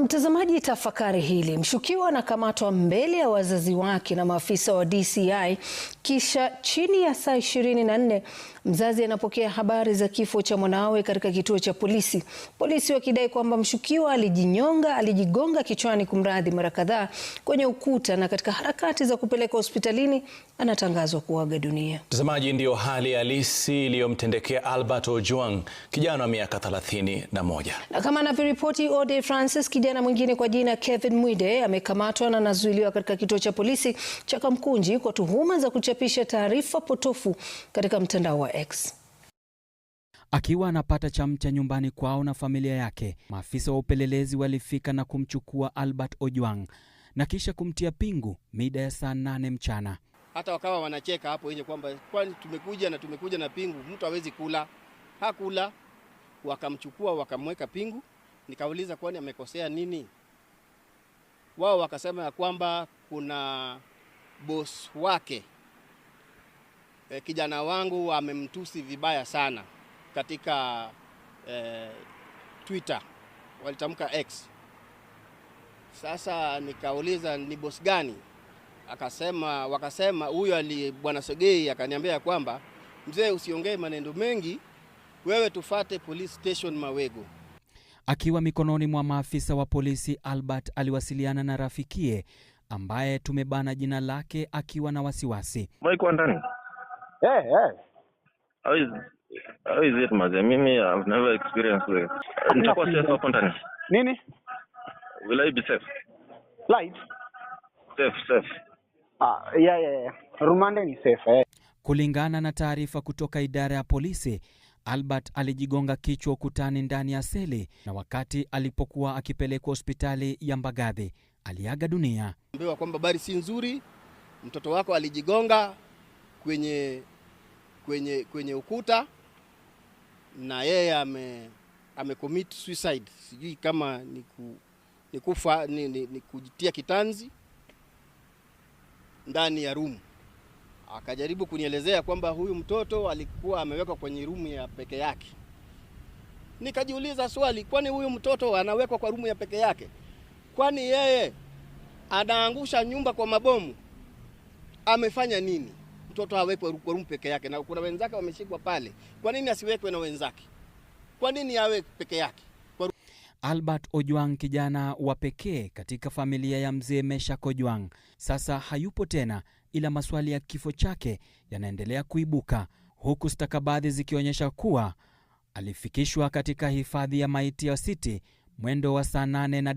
mtazamaji, tafakari hili. Mshukiwa anakamatwa mbele ya wazazi wake na maafisa wa DCI, kisha chini ya saa nne mzazi anapokea habari za kifo cha mwanawe katika kituo cha polisi, polisi wakidai kwamba mshukiwa alijinyonga, alijigonga kichwani, kumradhi, mara kadhaa kwenye ukuta, na katika harakati za kupeleka hospitalini anatangazwa kuaga dunia. Mtazamaji, ndiyo hali halisi iliyomtendekea Albert Ojwang, kijana wa miaka 31. Na kama anavyoripoti Ode Francis, kijana Kijana mwingine kwa jina Kevin Mwide amekamatwa na anazuiliwa katika kituo cha polisi cha Kamkunji kwa tuhuma za kuchapisha taarifa potofu katika mtandao wa X. Akiwa anapata chamcha nyumbani kwao na familia yake, maafisa wa upelelezi walifika na kumchukua Albert Ojwang na kisha kumtia pingu mida ya saa nane mchana. Hata wakawa wanacheka hapo nje kwamba kwani tumekuja na tumekuja na pingu, mtu hawezi kula. Hakula, wakamchukua wakamweka pingu. Nikauliza, kwani amekosea nini? Wao wakasema ya kwamba kuna boss wake e, kijana wangu amemtusi vibaya sana katika e, Twitter, walitamka X. Sasa nikauliza ni boss gani? Akasema, wakasema huyo ali bwana Sogei akaniambia kwamba mzee, usiongee maneno mengi, wewe tufate police station Mawego. Akiwa mikononi mwa maafisa wa polisi, Albert aliwasiliana na rafikie ambaye tumebana jina lake akiwa na wasiwasi. ndani eh, eh. How is, how is it maze? Mimi I've never experienced Nitakuwa safe hapo ndani. Nini? Will I be safe? Safe, safe. Ah, yeah, yeah. Rumande ni safe. Eh. Kulingana na taarifa kutoka idara ya polisi Albert alijigonga kichwa ukutani ndani ya sele na wakati alipokuwa akipelekwa hospitali ya Mbagathi aliaga dunia. Ambiwa kwamba habari si nzuri, mtoto wako alijigonga kwenye, kwenye, kwenye ukuta na yeye ame amecommit suicide. Sijui kama ni, ku, ni kufa ni, ni, ni kujitia kitanzi ndani ya rumu akajaribu kunielezea kwamba huyu mtoto alikuwa amewekwa kwenye rumu ya peke yake. Nikajiuliza swali, kwani huyu mtoto anawekwa kwa rumu ya peke yake? Kwani yeye anaangusha nyumba kwa mabomu? Amefanya nini mtoto awekwe kwa rumu peke yake, na kuna wenzake wameshikwa pale? Kwa nini asiwekwe na wenzake? Kwa nini awe peke yake? Albert Ojwang, kijana wa pekee katika familia ya mzee Meshack Ojwang, sasa hayupo tena, ila maswali ya kifo chake yanaendelea kuibuka, huku stakabadhi zikionyesha kuwa alifikishwa katika hifadhi ya maiti ya City mwendo wa saa nane na